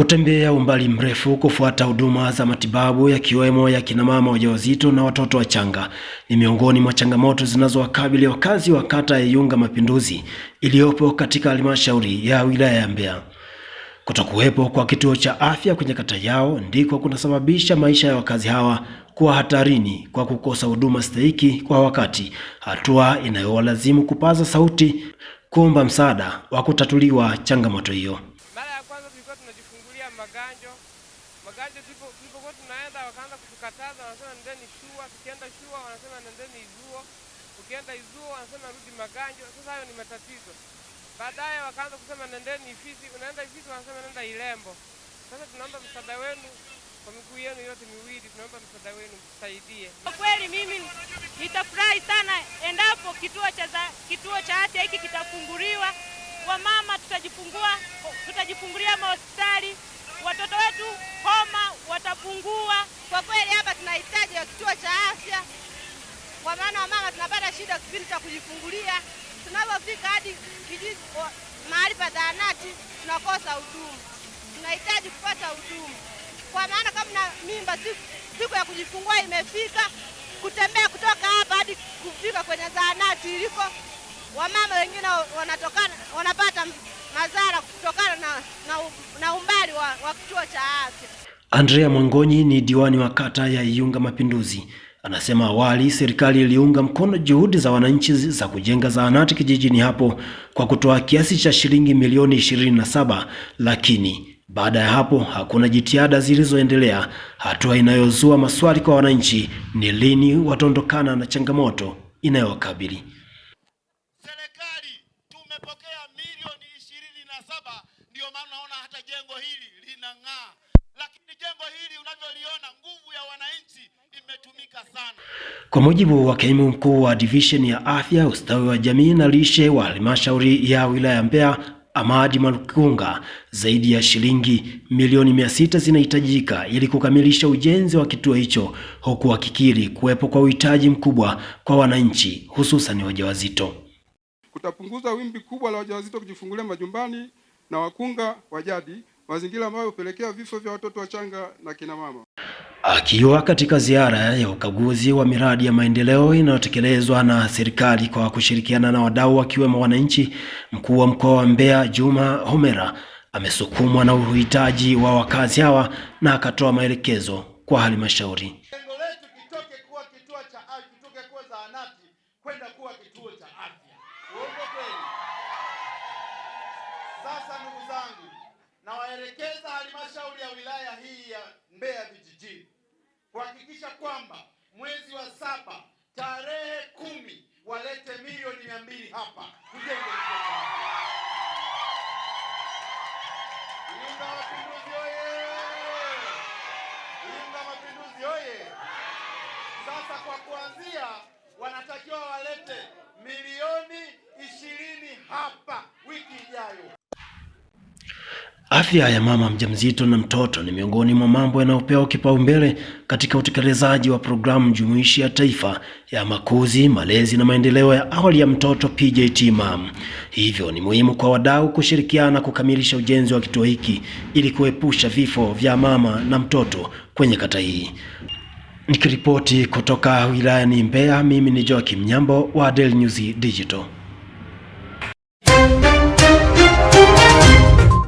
kutembea umbali mrefu kufuata huduma za matibabu yakiwemo ya kinamama wajawazito na watoto wachanga ni miongoni mwa changamoto zinazowakabili wakazi wa kata ya Iunga Mapinduzi iliyopo katika halmashauri ya wilaya ya Mbeya. Kutokuwepo kwa kituo cha afya kwenye kata yao ndiko kunasababisha maisha ya wakazi hawa kuwa hatarini kwa kukosa huduma stahiki kwa wakati, hatua inayowalazimu kupaza sauti kuomba msaada wa kutatuliwa changamoto hiyo tunajifungulia maganjo maganjo, tulipokuwa tunaenda wakaanza kutukataza, wanasema nendeni shua. Tukienda shua wanasema nendeni izuo, ukienda izuo wanasema rudi maganjo. Sasa hayo ni matatizo. Baadaye wakaanza kusema nendeni Ifisi, unaenda Ifisi wanasema nenda Ilembo. Sasa tunaomba msaada wenu kwa miguu yenu yote miwili, tunaomba msaada wenu, msaidie. Kwa kweli mimi nitafurahi sana endapo kituo cha kituo cha afya hiki kitafunguliwa wamama tutajifungua, tutajifungulia mahospitali, watoto wetu homa watapungua. Kwa kweli hapa tunahitaji kituo cha afya, kwa maana wamama tunapata shida kipindi cha kujifungulia, tunapofika hadi kijiji mahali pa zahanati tunakosa huduma. Tunahitaji kupata huduma, kwa maana kama na mimba siku, siku ya kujifungua imefika, kutembea kutoka hapa hadi wamama wengine wanatokana wanapata madhara kutokana na, na, na umbali wa, wa kituo cha afya. Andrea Mwangonyi ni diwani wa kata ya Iunga Mapinduzi. Anasema awali serikali iliunga mkono juhudi za wananchi za kujenga zahanati kijijini hapo kwa kutoa kiasi cha shilingi milioni 27, lakini baada ya hapo hakuna jitihada zilizoendelea, hatua inayozua maswali kwa wananchi ni lini wataondokana na changamoto inayowakabili. jengo hili linang'aa, lakini jengo hili unavyoliona, nguvu ya wananchi imetumika sana. Kwa mujibu wa kaimu mkuu wa divisheni ya afya, ustawi wa jamii na lishe wa halmashauri ya wilaya Mbeya Amadi Malukunga, zaidi ya shilingi milioni mia sita zinahitajika ili kukamilisha ujenzi wa kituo hicho, huku akikiri kuwepo kwa uhitaji mkubwa kwa wananchi, hususan wajawazito. Kutapunguza wimbi kubwa la wajawazito kujifungulia majumbani na wakunga wa jadi mazingira ambayo hupelekea vifo vya watoto wachanga na kina mama. Akiwa katika ziara ya ukaguzi wa miradi ya maendeleo inayotekelezwa na serikali kwa kushirikiana na wadau wakiwemo wananchi, mkuu wa mkoa wa Mbeya Juma Homera amesukumwa na uhitaji wa wakazi hawa na akatoa maelekezo kwa halmashauri. Lengo letu kitoke kuwa kituo cha afya, kitoke kuwa zahanati kwenda kuwa kituo cha afya. Sasa ndugu zangu nawaelekeza halmashauri ya wilaya hii ya Mbeya vijijini kuhakikisha kwamba mwezi wa saba tarehe kumi walete milioni mia mbili hapa kujenga Iunga Mapinduzi oye! Iunga Mapinduzi oye! Sasa kwa kuanzia wanatakiwa walete milioni ishirini hapa Afya ya mama mjamzito na mtoto ni miongoni mwa mambo yanayopewa kipaumbele katika utekelezaji wa programu jumuishi ya taifa ya makuzi, malezi na maendeleo ya awali ya mtoto PJT MAM. Hivyo ni muhimu kwa wadau kushirikiana kukamilisha ujenzi wa kituo hiki ili kuepusha vifo vya mama na mtoto kwenye kata hii. Nikiripoti kutoka wilayani Mbeya, mimi ni Joakim Nyambo wa Daily News Digital.